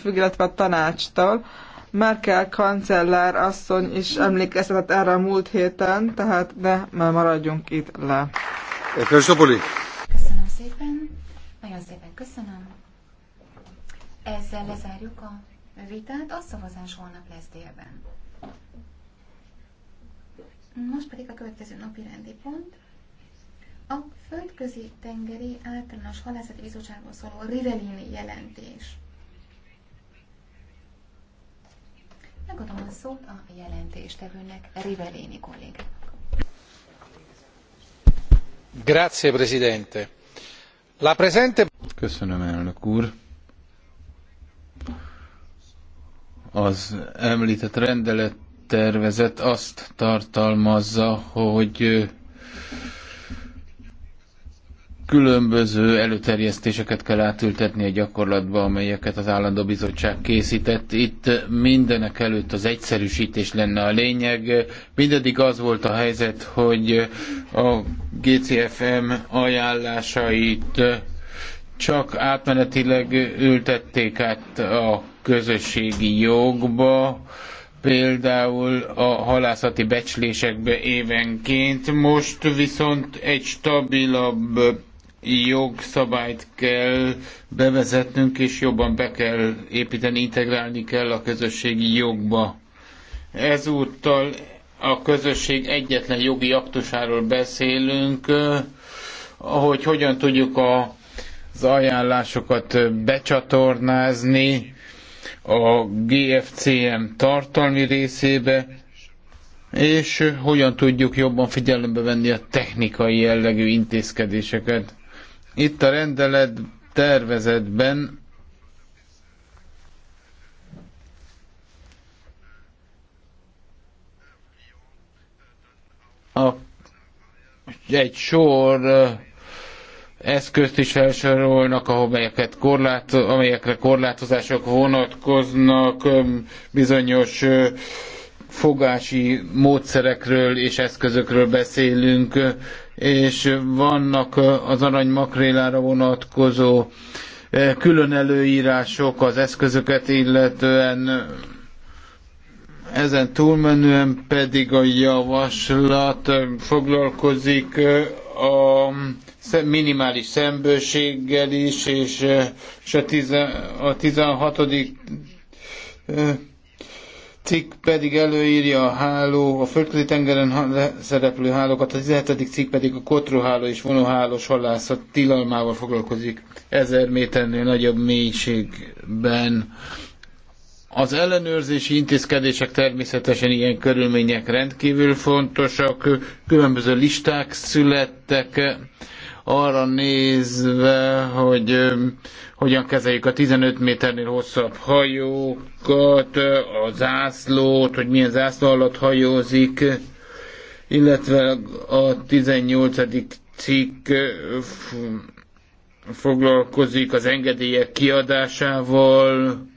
függ, illetve a tanácstól. Merkel kancellár asszony is emlékeztetett erre a múlt héten, tehát ne már maradjunk itt le. Köszönöm szépen, nagyon szépen köszönöm. Ezzel lezárjuk a vitát, a szavazás holnap lesz délben. Most pedig a következő napi rendi pont. A Földközi Tengeri Általános Halászati Bizottságról szóló Rivelini jelentés. Megadom a szót a jelentéstevőnek, Rivelini kollégának. Grazie, Presidente. La presente... Köszönöm, elnök úr. Az említett rendelet tervezet azt tartalmazza, hogy különböző előterjesztéseket kell átültetni a gyakorlatba, amelyeket az állandó bizottság készített. Itt mindenek előtt az egyszerűsítés lenne a lényeg. Mindedig az volt a helyzet, hogy a GCFM ajánlásait csak átmenetileg ültették át a közösségi jogba, például a halászati becslésekbe évenként, most viszont egy stabilabb jogszabályt kell bevezetnünk, és jobban be kell építeni, integrálni kell a közösségi jogba. Ezúttal a közösség egyetlen jogi aktusáról beszélünk, ahogy hogyan tudjuk a, az ajánlásokat becsatornázni a GFCM tartalmi részébe, és hogyan tudjuk jobban figyelembe venni a technikai jellegű intézkedéseket. Itt a rendelet tervezetben a, egy sor eszközt is felsorolnak, amelyeket korlát, amelyekre korlátozások vonatkoznak, bizonyos fogási módszerekről és eszközökről beszélünk, és vannak az arany makrélára vonatkozó külön előírások az eszközöket illetően, ezen túlmenően pedig a javaslat foglalkozik a minimális szembőséggel is, és a 16 cikk pedig előírja a háló, a földközi tengeren szereplő hálókat, a 17. cikk pedig a kotruháló és vonóhálós halászat tilalmával foglalkozik ezer méternél nagyobb mélységben. Az ellenőrzési intézkedések természetesen ilyen körülmények rendkívül fontosak, különböző listák születtek, arra nézve, hogy hogyan kezeljük a 15 méternél hosszabb hajókat, a zászlót, hogy milyen zászló alatt hajózik, illetve a 18. cikk foglalkozik az engedélyek kiadásával,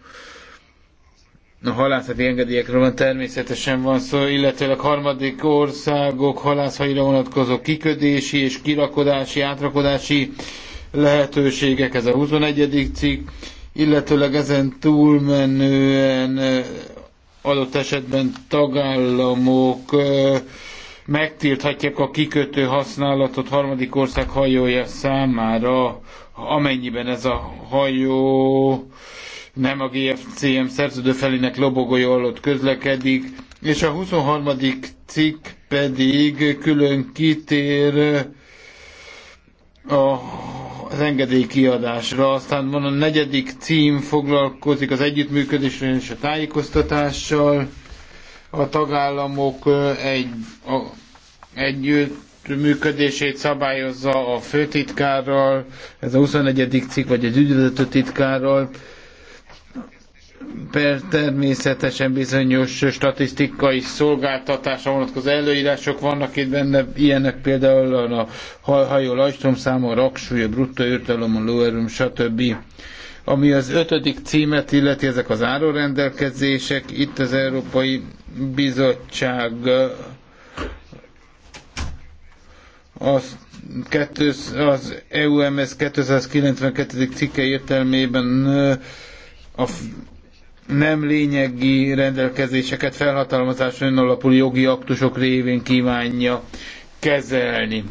a halászati engedélyekről van, természetesen van szó, illetőleg harmadik országok halászhaira vonatkozó kiködési és kirakodási, átrakodási lehetőségek, ez a 21. cikk, illetőleg ezen túlmenően adott esetben tagállamok megtilthatják a kikötő használatot harmadik ország hajója számára, amennyiben ez a hajó nem a GFCM szerződőfelének lobogója alatt közlekedik, és a 23. cikk pedig külön kitér a az kiadásra. aztán van a negyedik cím foglalkozik az együttműködésre és a tájékoztatással, a tagállamok egy, a, együttműködését szabályozza a főtitkárral, ez a 21. cikk, vagy az ügyvezető titkárral, per természetesen bizonyos statisztikai szolgáltatásra vonatkozó előírások vannak itt benne, ilyenek például a hajó lajstromszáma, a bruttó a lóerőm, stb. Ami az ötödik címet illeti, ezek az árórendelkezések, itt az Európai Bizottság az, az EUMS 292. cikke értelmében a nem lényegi rendelkezéseket felhatalmazás önalapuló jogi aktusok révén kívánja kezelni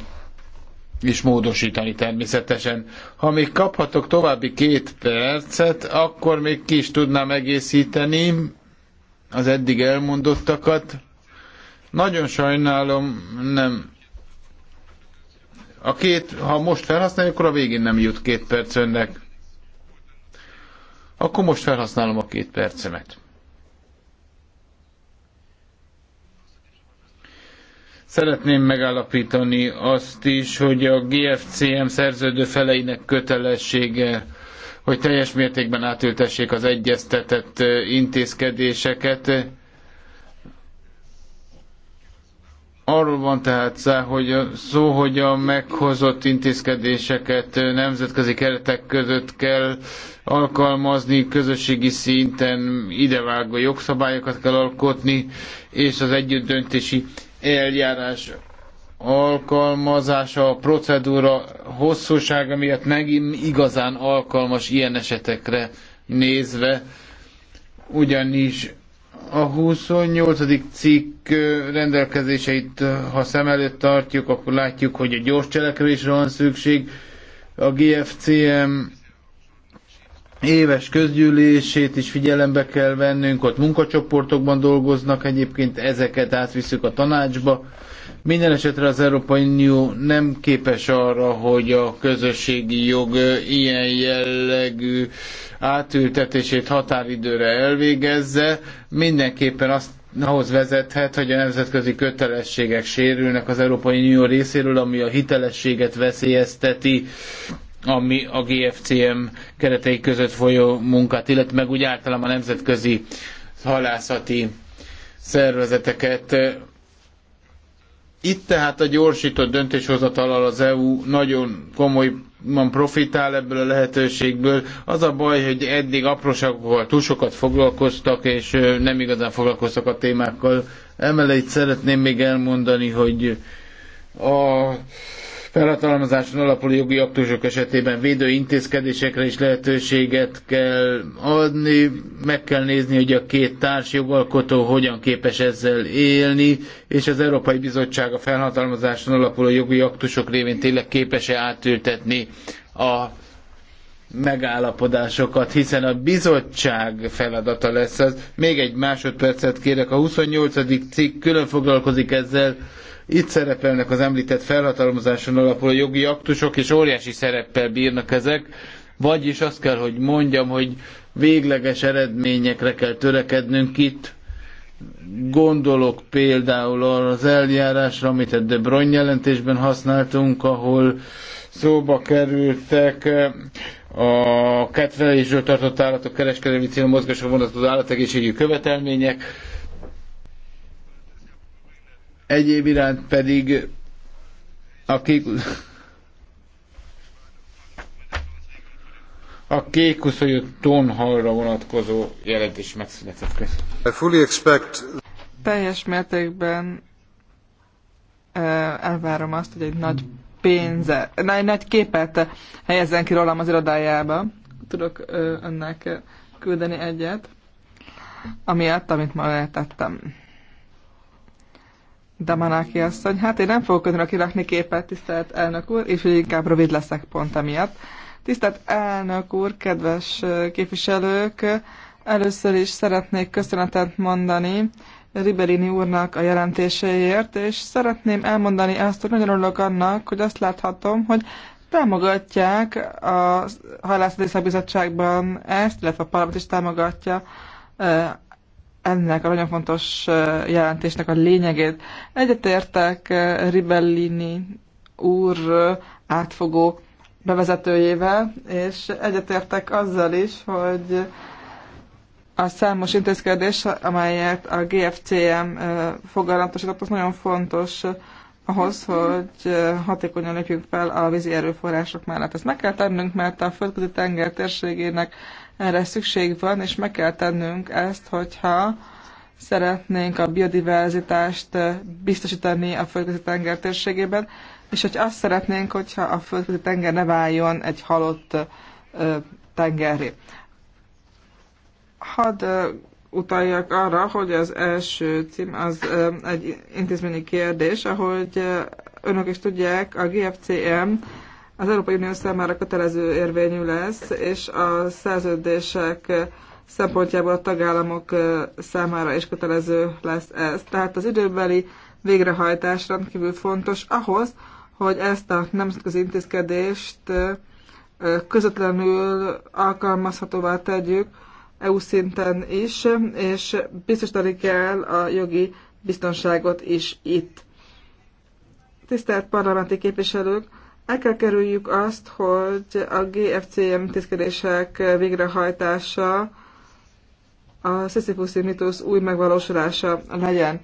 és módosítani természetesen. Ha még kaphatok további két percet, akkor még ki is tudnám egészíteni az eddig elmondottakat. Nagyon sajnálom, nem. A két, ha most felhasználjuk, akkor a végén nem jut két perc önnek. Akkor most felhasználom a két percemet. Szeretném megállapítani azt is, hogy a GFCM szerződő feleinek kötelessége, hogy teljes mértékben átültessék az egyeztetett intézkedéseket, Arról van tehát szá, hogy a, szó, hogy a meghozott intézkedéseket nemzetközi keretek között kell alkalmazni, közösségi szinten idevágó jogszabályokat kell alkotni, és az együttdöntési eljárás alkalmazása, a procedúra hosszúsága miatt nem igazán alkalmas ilyen esetekre nézve, ugyanis a 28. cikk rendelkezéseit, ha szem előtt tartjuk, akkor látjuk, hogy a gyors cselekvésre van szükség. A GFCM éves közgyűlését is figyelembe kell vennünk, ott munkacsoportokban dolgoznak egyébként, ezeket átviszük a tanácsba, minden esetre az Európai Unió nem képes arra, hogy a közösségi jog ilyen jellegű átültetését határidőre elvégezze. Mindenképpen azt ahhoz vezethet, hogy a nemzetközi kötelességek sérülnek az Európai Unió részéről, ami a hitelességet veszélyezteti, ami a GFCM keretei között folyó munkát, illetve meg úgy általában a nemzetközi halászati szervezeteket itt tehát a gyorsított döntéshozatalal az EU nagyon komolyan profitál ebből a lehetőségből. Az a baj, hogy eddig apróságokkal túl sokat foglalkoztak, és nem igazán foglalkoztak a témákkal. Emellett szeretném még elmondani, hogy a felhatalmazáson alapuló jogi aktusok esetében védő intézkedésekre is lehetőséget kell adni, meg kell nézni, hogy a két társ jogalkotó hogyan képes ezzel élni, és az Európai Bizottság a felhatalmazáson alapuló jogi aktusok révén tényleg képes-e átültetni a megállapodásokat, hiszen a bizottság feladata lesz az. Még egy másodpercet kérek, a 28. cikk külön foglalkozik ezzel, itt szerepelnek az említett felhatalmazáson alapuló jogi aktusok, és óriási szereppel bírnak ezek, vagyis azt kell, hogy mondjam, hogy végleges eredményekre kell törekednünk itt. Gondolok például arra az eljárásra, amit a De Bruyne jelentésben használtunk, ahol szóba kerültek eh, a kettelésről tartott állatok kereskedelmi célú mozgásra vonatkozó állategészségügyi követelmények, Egyéb iránt pedig a kék, a kék tonhalra vonatkozó jelentés megszületett. Köszönöm. I fully expect... Teljes mértékben elvárom azt, hogy egy nagy pénze, egy nagy képet helyezzen ki rólam az irodájába. Tudok önnek küldeni egyet, amiatt, amit ma lehetettem. Damanáki asszony. Hát én nem fogok önre kirakni képet, tisztelt elnök úr, és hogy inkább rövid leszek pont emiatt. Tisztelt elnök úr, kedves képviselők, először is szeretnék köszönetet mondani Riberini úrnak a jelentéséért, és szeretném elmondani azt, hogy nagyon örülök annak, hogy azt láthatom, hogy támogatják a Halászati Szabizottságban ezt, illetve a parlament is támogatja ennek a nagyon fontos jelentésnek a lényegét. Egyetértek Ribellini úr átfogó bevezetőjével, és egyetértek azzal is, hogy a számos intézkedés, amelyet a GFCM fogalmatosított, az nagyon fontos ahhoz, hogy hatékonyan lépjünk fel a vízi erőforrások mellett. Ezt meg kell tennünk, mert a földközi tenger térségének erre szükség van, és meg kell tennünk ezt, hogyha szeretnénk a biodiverzitást eh, biztosítani a földközi tenger térségében, és hogy azt szeretnénk, hogyha a földközi tenger ne váljon egy halott eh, tengerré. Hadd eh, utaljak arra, hogy az első cím az egy intézményi kérdés, ahogy önök is tudják, a GFCM az Európai Unió számára kötelező érvényű lesz, és a szerződések szempontjából a tagállamok számára is kötelező lesz ez. Tehát az időbeli végrehajtás rendkívül fontos ahhoz, hogy ezt a nemzetközi intézkedést közvetlenül alkalmazhatóvá tegyük EU szinten is, és biztosítani kell a jogi biztonságot is itt. Tisztelt parlamenti képviselők! El kell kerüljük azt, hogy a GFCM intézkedések végrehajtása a Sisyphus mitusz új megvalósulása legyen.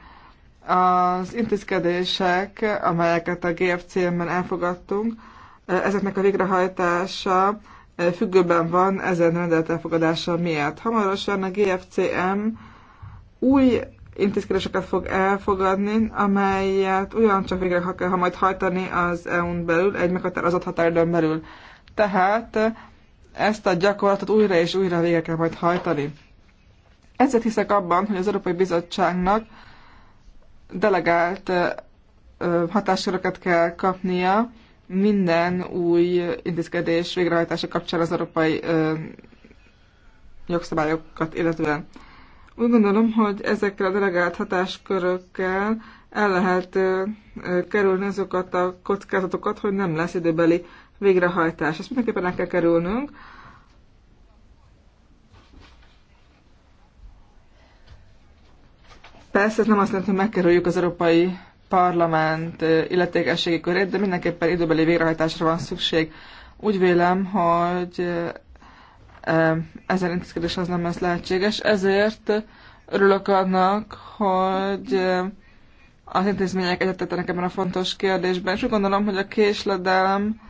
Az intézkedések, amelyeket a GFCM-ben elfogadtunk, ezeknek a végrehajtása függőben van ezen rendelt elfogadása miatt. Hamarosan a GFCM új intézkedéseket fog elfogadni, amelyet ugyancsak végre ha kell ha majd hajtani az EU-n belül, egy meghatározott határidőn belül. Tehát ezt a gyakorlatot újra és újra végre kell majd hajtani. Ezért hiszek abban, hogy az Európai Bizottságnak delegált hatásköröket kell kapnia minden új intézkedés végrehajtása kapcsán az európai jogszabályokat illetően. Úgy gondolom, hogy ezekkel a delegált hatáskörökkel el lehet kerülni azokat a kockázatokat, hogy nem lesz időbeli végrehajtás. Ezt mindenképpen el kell kerülnünk. Persze ez nem azt jelenti, hogy megkerüljük az Európai Parlament illetékességi körét, de mindenképpen időbeli végrehajtásra van szükség. Úgy vélem, hogy ez elintézkedés az nem lesz lehetséges. Ezért örülök annak, hogy az intézmények egyetettenek ebben a fontos kérdésben, és úgy gondolom, hogy a késledelem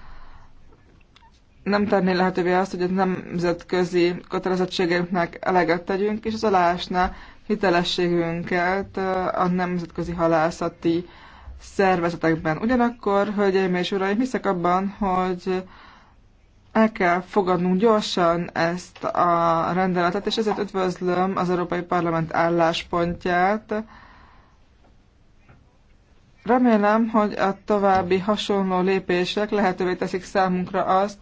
nem tenné lehetővé azt, hogy a nemzetközi kötelezettségünknek eleget tegyünk, és az alásná hitelességünket a nemzetközi halászati szervezetekben. Ugyanakkor, hölgyeim és uraim, hiszek abban, hogy el kell fogadnunk gyorsan ezt a rendeletet, és ezért üdvözlöm az Európai Parlament álláspontját. Remélem, hogy a további hasonló lépések lehetővé teszik számunkra azt,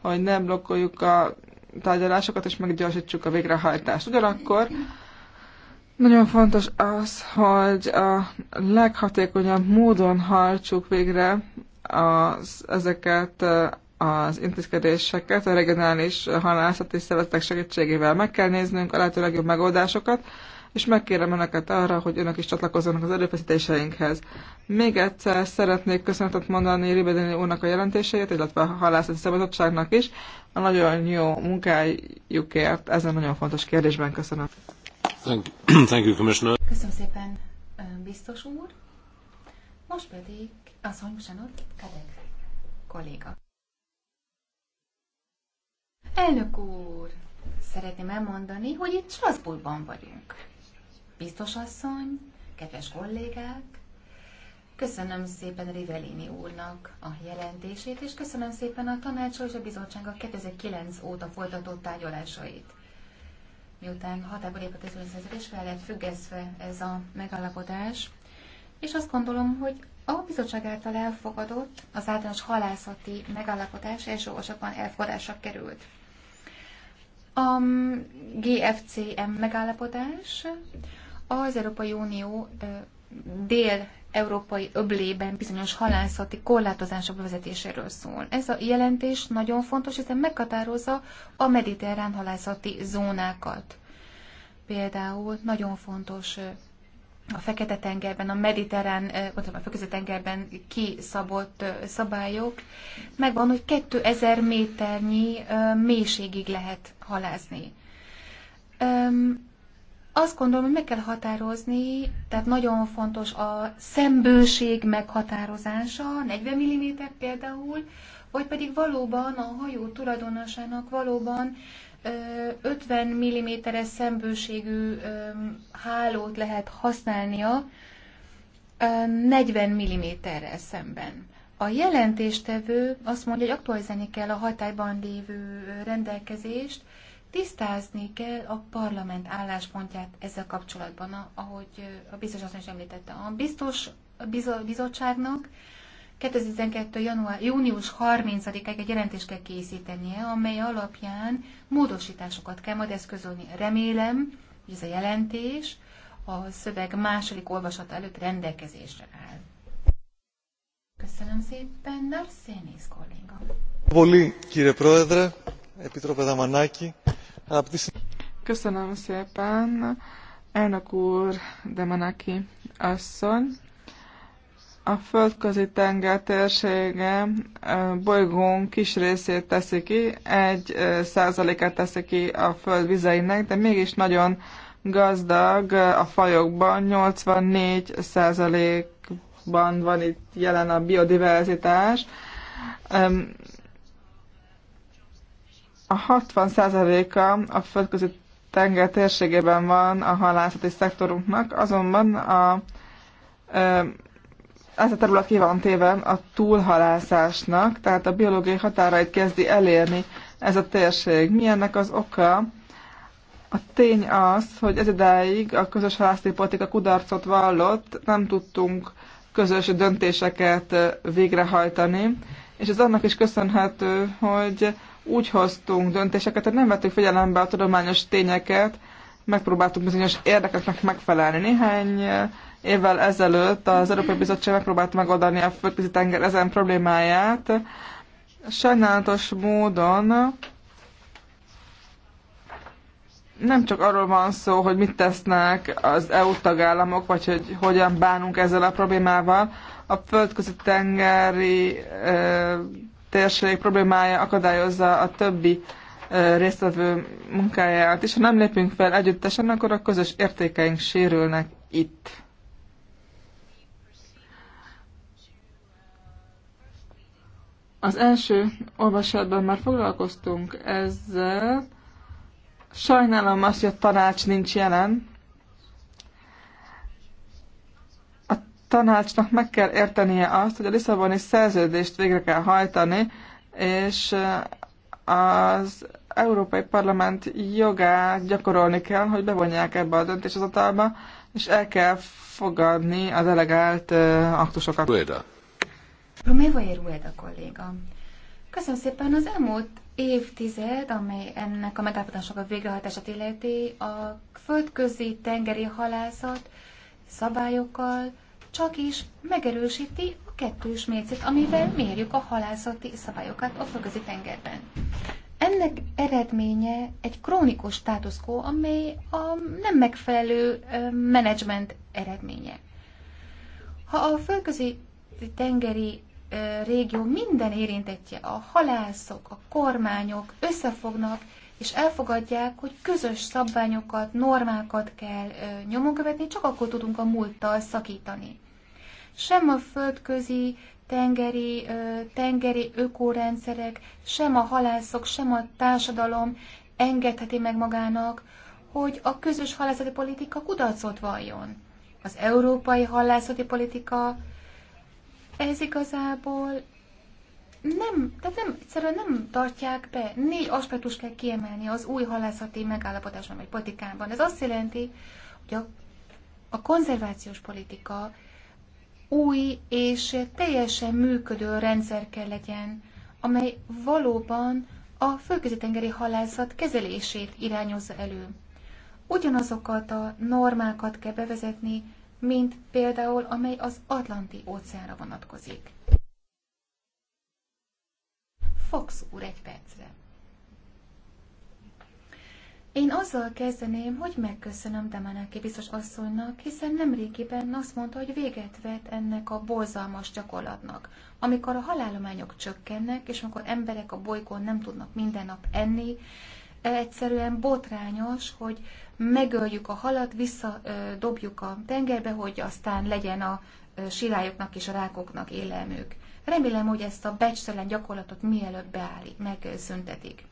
hogy nem blokkoljuk a tárgyalásokat, és meggyorsítsuk a végrehajtást. Ugyanakkor nagyon fontos az, hogy a leghatékonyabb módon hajtsuk végre az, ezeket az intézkedéseket a regionális halászati szervezetek segítségével. Meg kell néznünk a lehető legjobb megoldásokat, és megkérem Önöket arra, hogy Önök is csatlakozzanak az erőfeszítéseinkhez. Még egyszer szeretnék köszönetet mondani Ribedini úrnak a jelentéseit, illetve a halászati szabadságnak is, a nagyon jó munkájukért ezen nagyon fontos kérdésben köszönöm. Thank you, thank you Commissioner. Köszönöm szépen, biztos úr. Most pedig az, hogy bocsánat, Kadek kolléga. Elnök úr, szeretném elmondani, hogy itt Strasbourgban vagyunk. Biztos asszony, kedves kollégák, köszönöm szépen Rivelini úrnak a jelentését, és köszönöm szépen a tanácsra és a a 2009 óta folytatott tárgyalásait. Miután hatába lépett az és fel lett függeszve ez a megállapodás, és azt gondolom, hogy a bizottság által elfogadott az általános halászati megállapodás első olvasatban elfogadásra került. A GFCM megállapodás az Európai Unió dél-európai öblében bizonyos halászati korlátozások bevezetéséről szól. Ez a jelentés nagyon fontos, hiszen meghatározza a mediterrán halászati zónákat. Például nagyon fontos a Fekete-tengerben, a Mediterrán, mondtam, a Fekete-tengerben kiszabott szabályok, megvan, hogy 2000 méternyi mélységig lehet halázni. Azt gondolom, hogy meg kell határozni, tehát nagyon fontos a szembőség meghatározása, 40 mm például, vagy pedig valóban a hajó tulajdonosának valóban 50 mm-es szembőségű hálót lehet használnia 40 mm-rel szemben. A jelentéstevő azt mondja, hogy aktualizálni kell a hatályban lévő rendelkezést, tisztázni kell a parlament álláspontját ezzel kapcsolatban, ahogy a biztos azt is említette. A biztos bizottságnak 2012. január, június 30-ig egy jelentést kell készítenie, amely alapján módosításokat kell majd eszközölni. Remélem, hogy ez a jelentés a szöveg második olvasata előtt rendelkezésre áll. Köszönöm szépen, Narszénész kolléga. Boli, kire Prodre, Epitrope Köszönöm szépen, elnök úr Damanaki asszony. A földközi tenger térsége bolygón kis részét teszi ki, egy százalékát teszi ki a föld vizeinek, de mégis nagyon gazdag a fajokban, 84 százalékban van itt jelen a biodiverzitás. A 60 százaléka a földközi tenger térségében van a halászati szektorunknak, azonban a ez a terület ki van téve a túlhalászásnak, tehát a biológiai határait kezdi elérni ez a térség. Mi ennek az oka? A tény az, hogy ez idáig a közös halászati politika kudarcot vallott, nem tudtunk közös döntéseket végrehajtani, és ez annak is köszönhető, hogy úgy hoztunk döntéseket, hogy nem vettük figyelembe a tudományos tényeket, megpróbáltuk bizonyos érdekeknek megfelelni. Néhány évvel ezelőtt az Európai Bizottság megpróbált megoldani a földközi tenger ezen problémáját. Sajnálatos módon nem csak arról van szó, hogy mit tesznek az EU tagállamok, vagy hogy hogyan bánunk ezzel a problémával. A földközi tengeri ö, térség problémája akadályozza a többi ö, résztvevő munkáját, és ha nem lépünk fel együttesen, akkor a közös értékeink sérülnek itt. Az első olvasatban már foglalkoztunk ezzel. Sajnálom azt, hogy a tanács nincs jelen. A tanácsnak meg kell értenie azt, hogy a Lisszaboni szerződést végre kell hajtani, és eh, az Európai Parlament jogát gyakorolni kell, hogy bevonják ebbe a döntéshozatalba, és el kell fogadni az elegált eh, aktusokat. Ueda. Romeva a kolléga. Köszönöm szépen az elmúlt évtized, amely ennek a megállapodásnak a végrehajtását illeti, a földközi tengeri halászat szabályokkal csak is megerősíti a kettős mércét, amivel mérjük a halászati szabályokat a földközi tengerben. Ennek eredménye egy krónikus státuszkó, amely a nem megfelelő menedzsment eredménye. Ha a földközi tengeri régió minden érintettje, a halászok, a kormányok összefognak, és elfogadják, hogy közös szabványokat, normákat kell nyomon követni, csak akkor tudunk a múlttal szakítani. Sem a földközi, tengeri, tengeri ökórendszerek, sem a halászok, sem a társadalom engedheti meg magának, hogy a közös halászati politika kudarcot valljon. Az európai halászati politika ez igazából nem, tehát nem, egyszerűen nem tartják be. Négy aspektus kell kiemelni az új halászati megállapodásban vagy politikában. Ez azt jelenti, hogy a, a konzervációs politika új és teljesen működő rendszer kell legyen, amely valóban a fölközi-tengeri halászat kezelését irányozza elő. Ugyanazokat a normákat kell bevezetni, mint például amely az Atlanti óceánra vonatkozik. Fox úr, egy percre. Én azzal kezdeném, hogy megköszönöm Demeneki biztos asszonynak, hiszen nemrégiben azt mondta, hogy véget vet ennek a borzalmas gyakorlatnak. Amikor a halálományok csökkennek, és amikor emberek a bolygón nem tudnak minden nap enni, egyszerűen botrányos, hogy megöljük a halat, visszadobjuk a tengerbe, hogy aztán legyen a silályoknak és a rákoknak élelmük. Remélem, hogy ezt a becstelen gyakorlatot mielőbb beállít, megszüntetik.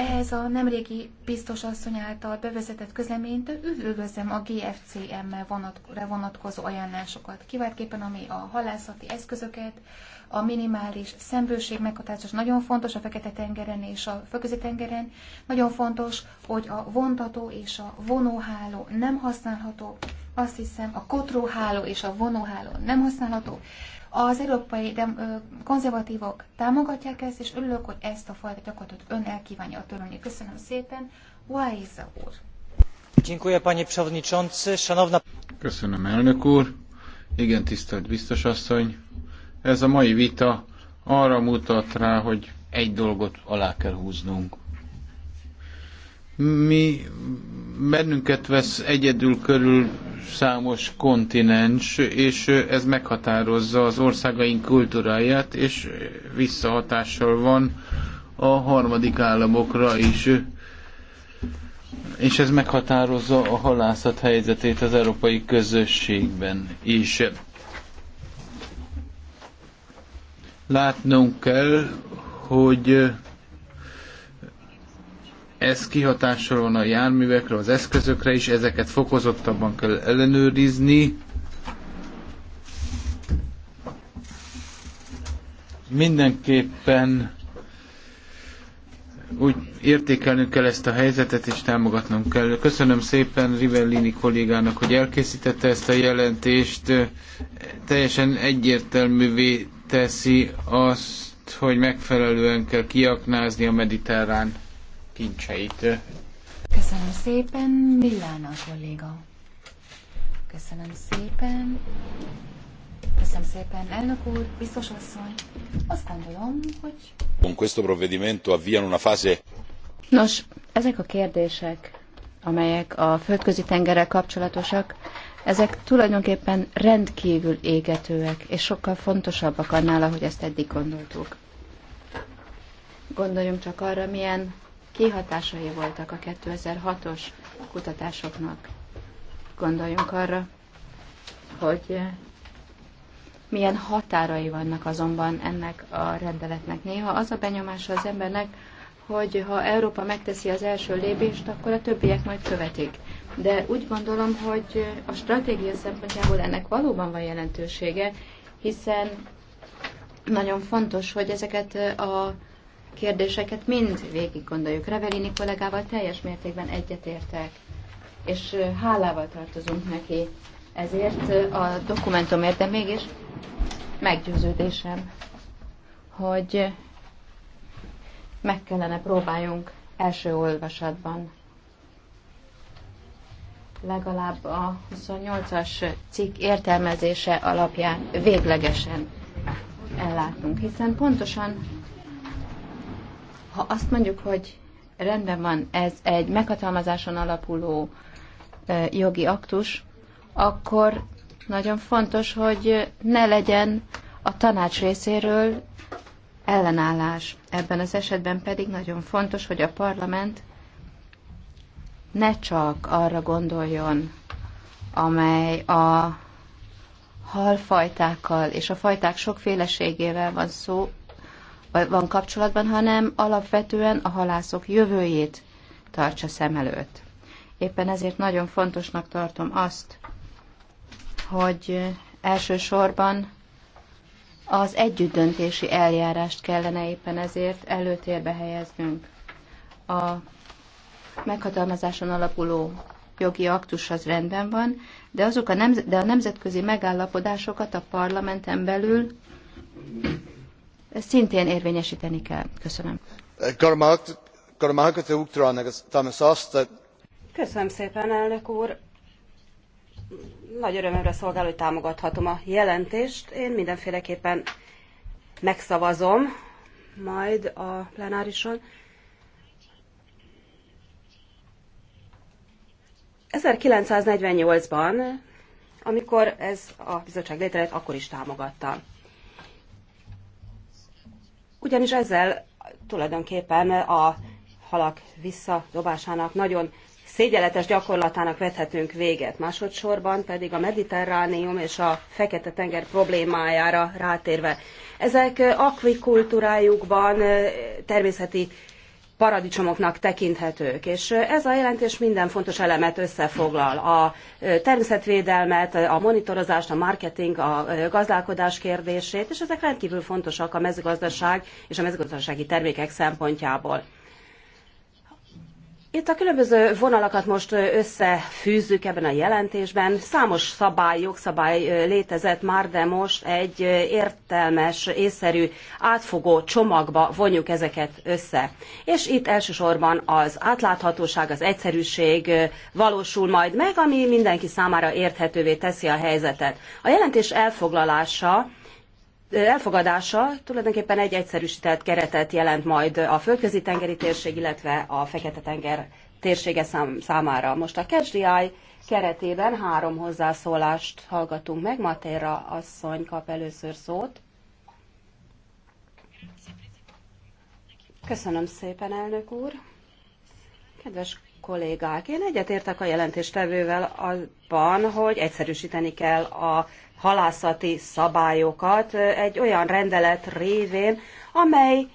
Ehhez a nemrégi biztos asszony által bevezetett közleményt üdvözlöm a GFCM-re vonatko vonatkozó ajánlásokat, kiváltképpen ami a halászati eszközöket, a minimális szembőség meghatározás nagyon fontos a Fekete-tengeren és a Föközi-tengeren. Nagyon fontos, hogy a vontató és a vonóháló nem használható. Azt hiszem, a kotróháló és a vonóháló nem használható. Az európai dem, konzervatívok támogatják ezt, és örülök, hogy ezt a fajta gyakorlatot ön elkívánja törölni. Köszönöm szépen. Wajza úr. Dziękuję, panie przewodniczący. Szanowna... Köszönöm, elnök úr. Igen, tisztelt biztos asszony. Ez a mai vita arra mutat rá, hogy egy dolgot alá kell húznunk mi bennünket vesz egyedül körül számos kontinens, és ez meghatározza az országaink kultúráját, és visszahatással van a harmadik államokra is. És ez meghatározza a halászat helyzetét az európai közösségben is. Látnunk kell, hogy ez kihatással van a járművekre, az eszközökre is, ezeket fokozottabban kell ellenőrizni. Mindenképpen úgy értékelnünk kell ezt a helyzetet, és támogatnunk kell. Köszönöm szépen Rivellini kollégának, hogy elkészítette ezt a jelentést. Teljesen egyértelművé teszi azt, hogy megfelelően kell kiaknázni a mediterrán kincseit. Köszönöm szépen, Millána kolléga. Köszönöm szépen. Köszönöm szépen, elnök úr, biztos asszony. Azt gondolom, hogy... Con questo provvedimento avvian una fase... Nos, ezek a kérdések, amelyek a földközi tengerrel kapcsolatosak, ezek tulajdonképpen rendkívül égetőek, és sokkal fontosabbak annál, ahogy ezt eddig gondoltuk. Gondoljunk csak arra, milyen kihatásai voltak a 2006-os kutatásoknak. Gondoljunk arra, hogy eh, milyen határai vannak azonban ennek a rendeletnek. Néha az a benyomása az embernek, hogy ha Európa megteszi az első lépést, akkor a többiek majd követik. De úgy gondolom, hogy a stratégia szempontjából ennek valóban van jelentősége, hiszen nagyon fontos, hogy ezeket eh, a kérdéseket mind végig gondoljuk. Revelini kollégával teljes mértékben egyetértek, és hálával tartozunk neki ezért a dokumentumért, de mégis meggyőződésem, hogy meg kellene próbáljunk első olvasatban legalább a 28-as cikk értelmezése alapján véglegesen ellátnunk, hiszen pontosan ha azt mondjuk, hogy rendben van, ez egy meghatalmazáson alapuló jogi aktus, akkor nagyon fontos, hogy ne legyen a tanács részéről ellenállás. Ebben az esetben pedig nagyon fontos, hogy a parlament ne csak arra gondoljon, amely a halfajtákkal és a fajták sokféleségével van szó, van kapcsolatban, hanem alapvetően a halászok jövőjét tartsa szem előtt. Éppen ezért nagyon fontosnak tartom azt, hogy elsősorban az együttdöntési eljárást kellene éppen ezért előtérbe helyeznünk. A meghatalmazáson alapuló jogi aktus az rendben van, de, azok a nemz- de a nemzetközi megállapodásokat a parlamenten belül szintén érvényesteni kell. Köszönöm. Köszönöm szépen, elnök úr. Nagy örömömre szolgál, hogy támogathatom a jelentést. Én mindenféleképpen megszavazom majd a plenárison. 1948-ban, amikor ez a bizottság létrejött, akkor is támogattam. Ugyanis ezzel tulajdonképpen a halak visszadobásának nagyon szégyeletes gyakorlatának vethetünk véget. Másodszorban pedig a mediterránium és a Fekete-tenger problémájára rátérve. Ezek akvikultúrájukban, eh, természeti paradicsomoknak tekinthetők. És ez a jelentés minden fontos elemet összefoglal. A természetvédelmet, a monitorozást, a marketing, a gazdálkodás kérdését, és ezek rendkívül fontosak a mezőgazdaság és a mezőgazdasági termékek szempontjából. Itt a különböző vonalakat most összefűzzük ebben a jelentésben. Számos szabály, jogszabály létezett már, de most egy értelmes, észszerű, átfogó csomagba vonjuk ezeket össze. És itt elsősorban az átláthatóság, az egyszerűség valósul majd meg, ami mindenki számára érthetővé teszi a helyzetet. A jelentés elfoglalása elfogadása tulajdonképpen egy egyszerűsített keretet jelent majd a földközi tengeri térség, illetve a fekete tenger térsége szám, számára. Most a CatchDI keretében három hozzászólást hallgatunk meg. Matéra asszony kap először szót. Köszönöm szépen, elnök úr. Kedves kollégák, én egyetértek a jelentéstevővel abban, hogy egyszerűsíteni kell a halászati szabályokat egy olyan rendelet révén, amely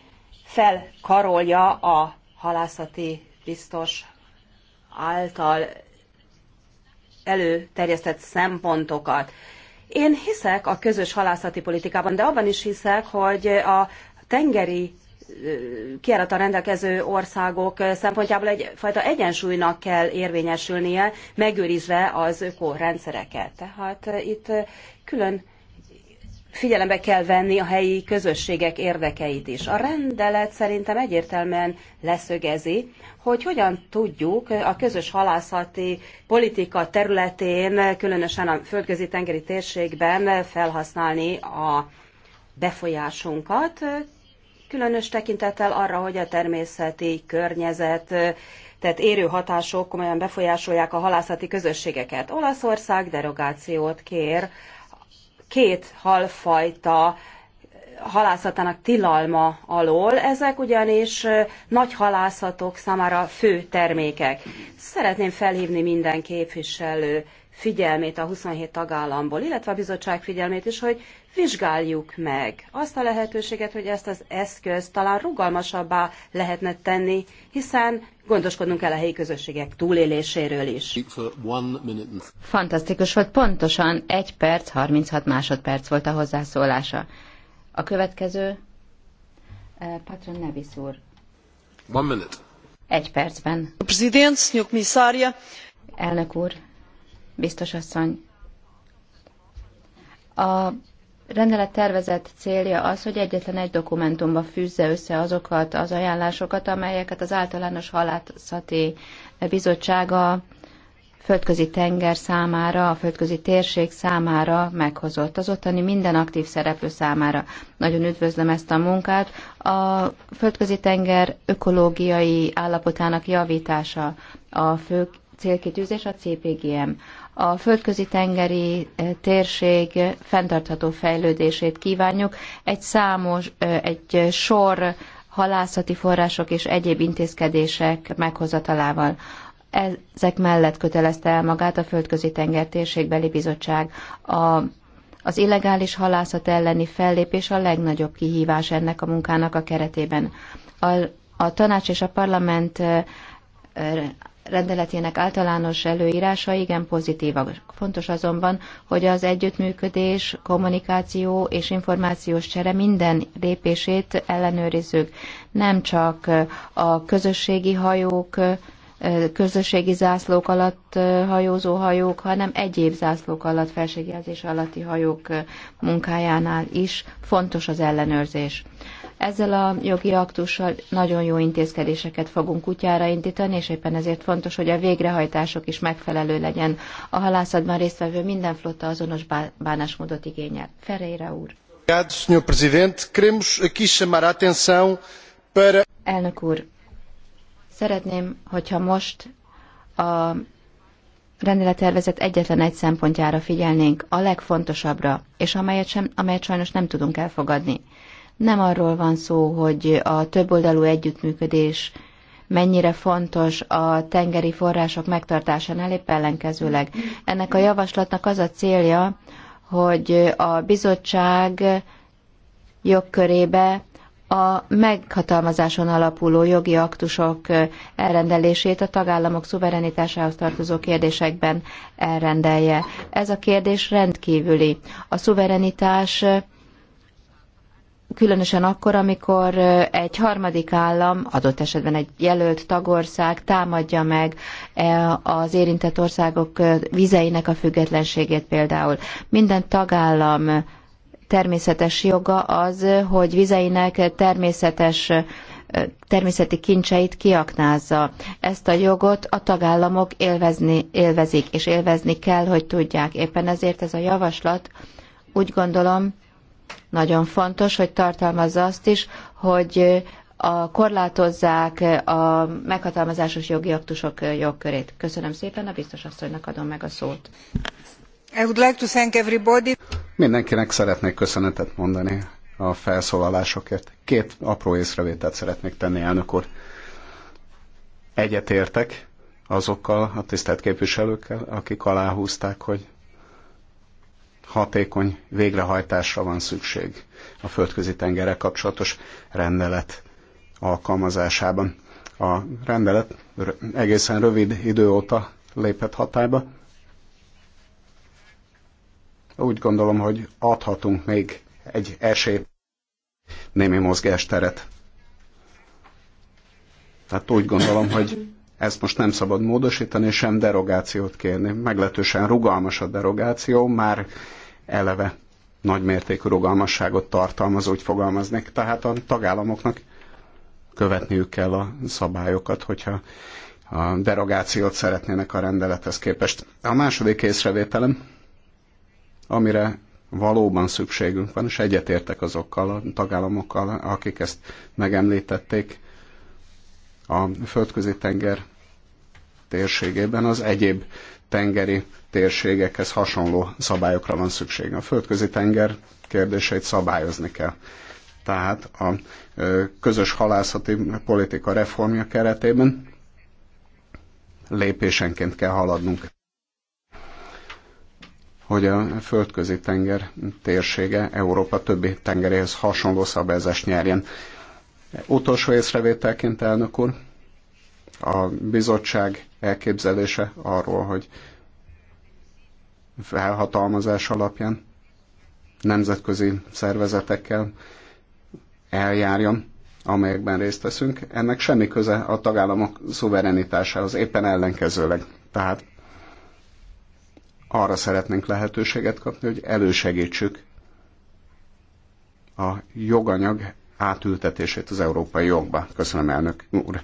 felkarolja a halászati biztos által előterjesztett szempontokat. Én hiszek a közös halászati politikában, de abban is hiszek, hogy a tengeri kiárattal rendelkező országok szempontjából egyfajta egyensúlynak kell érvényesülnie, megőrizve az ökórendszereket. Tehát itt külön figyelembe kell venni a helyi közösségek érdekeit is. A rendelet szerintem egyértelműen leszögezi, hogy hogyan tudjuk a közös halászati politika területén, különösen a földközi tengeri térségben felhasználni a befolyásunkat, különös tekintettel arra, hogy a természeti környezet tehát érő hatások komolyan befolyásolják a halászati közösségeket. Olaszország derogációt kér két halfajta halászatának tilalma alól, ezek ugyanis nagy halászatok számára fő termékek. Szeretném felhívni minden képviselő figyelmét a 27 tagállamból, illetve a bizottság figyelmét is, hogy vizsgáljuk meg azt a lehetőséget, hogy ezt az eszközt talán rugalmasabbá lehetne tenni, hiszen gondoskodnunk kell a helyi közösségek túléléséről is. Fantasztikus volt, pontosan 1 perc, 36 másodperc volt a hozzászólása. A következő, eh, Patron Nevis úr. One minute. Egy percben. Elnök úr, biztos asszony. A rendelet tervezett célja az, hogy egyetlen egy dokumentumba fűzze össze azokat az ajánlásokat, amelyeket az általános halászati bizottsága földközi tenger számára, a földközi térség számára meghozott, az ottani minden aktív szereplő számára. Nagyon üdvözlöm ezt a munkát. A földközi tenger ökológiai állapotának javítása a fő célkitűzés a CPGM a földközi tengeri eh, térség fenntartható fejlődését kívánjuk. Egy számos, eh, egy eh, sor halászati források és egyéb intézkedések meghozatalával. Ezek mellett kötelezte el magát a Földközi Tenger Térségbeli Bizottság. A, az illegális halászat elleni fellépés a legnagyobb kihívás ennek a munkának a keretében. A, a tanács és a parlament rendeletének általános előírása igen pozitív, Fontos azonban, hogy az együttműködés, kommunikáció és információs csere minden lépését ellenőrizzük. Nem csak a közösségi hajók, közösségi zászlók alatt hajózó hajók, hanem egyéb zászlók alatt, felségjelzés alatti hajók munkájánál is fontos az ellenőrzés. Ezzel a jogi aktussal nagyon jó intézkedéseket fogunk kutyára indítani, és éppen ezért fontos, hogy a végrehajtások is megfelelő legyen. A halászatban résztvevő minden flotta azonos bánásmódot igényel. Ferreira úr. Elnök úr, szeretném, hogyha most a rendelettervezet egyetlen egy szempontjára figyelnénk, a legfontosabbra, és amelyet, sem, amelyet sajnos nem tudunk elfogadni. Nem arról van szó, hogy a többoldalú együttműködés mennyire fontos a tengeri források megtartásánál, épp ellenkezőleg. Ennek a javaslatnak az a célja, hogy a bizottság jogkörébe a meghatalmazáson alapuló jogi aktusok elrendelését a tagállamok szuverenitásához tartozó kérdésekben elrendelje. Ez a kérdés rendkívüli. A szuverenitás különösen akkor, amikor egy harmadik állam, adott esetben egy jelölt tagország támadja meg e, az érintett országok vizeinek a függetlenségét például. Minden tagállam természetes joga az, hogy vizeinek természetes természeti kincseit kiaknázza. Ezt a jogot a tagállamok élvezni, élvezik, és élvezni kell, hogy tudják. Éppen ezért ez a javaslat úgy gondolom, nagyon fontos, hogy tartalmazza azt is, hogy a korlátozzák a meghatalmazásos jogi aktusok jogkörét. Köszönöm szépen, a biztos asszonynak adom meg a szót. I would like to thank everybody. Mindenkinek szeretnék köszönetet mondani a felszólalásokért. Két apró észrevételt szeretnék tenni, elnök úr. Egyetértek azokkal a tisztelt képviselőkkel, akik aláhúzták, hogy hatékony végrehajtásra van szükség a földközi tengerek kapcsolatos rendelet alkalmazásában. A rendelet egészen rövid idő óta lépett hatályba. Úgy gondolom, hogy adhatunk még egy esély némi mozgásteret. Tehát úgy gondolom, hogy ezt most nem szabad módosítani, sem derogációt kérni. Meglehetősen rugalmas a derogáció, már eleve nagymértékű rugalmasságot tartalmaz, úgy fogalmaznék. Tehát a tagállamoknak követniük kell a szabályokat, hogyha a derogációt szeretnének a rendelethez képest. A második észrevételem, amire valóban szükségünk van, és egyetértek azokkal a tagállamokkal, akik ezt megemlítették, a földközi tenger térségében az egyéb tengeri térségekhez hasonló szabályokra van szükség. A földközi tenger kérdéseit szabályozni kell. Tehát a közös halászati politika reformja keretében lépésenként kell haladnunk hogy a földközi tenger térsége Európa többi tengeréhez hasonló szabályozást nyerjen. Utolsó észrevételként, elnök úr, a bizottság elképzelése arról, hogy felhatalmazás alapján nemzetközi szervezetekkel eljárjon, amelyekben részt veszünk. Ennek semmi köze a tagállamok szuverenitásához, éppen ellenkezőleg. Tehát arra szeretnénk lehetőséget kapni, hogy elősegítsük a joganyag átültetését az európai jogba. Köszönöm, elnök úr.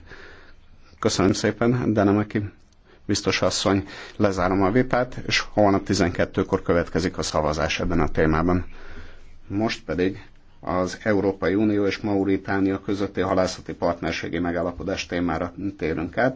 Köszönöm szépen, Denemeki biztos asszony. Lezárom a vitát, és holnap 12-kor következik a szavazás ebben a témában. Most pedig az Európai Unió és Mauritánia közötti halászati partnerségi megállapodás témára térünk át.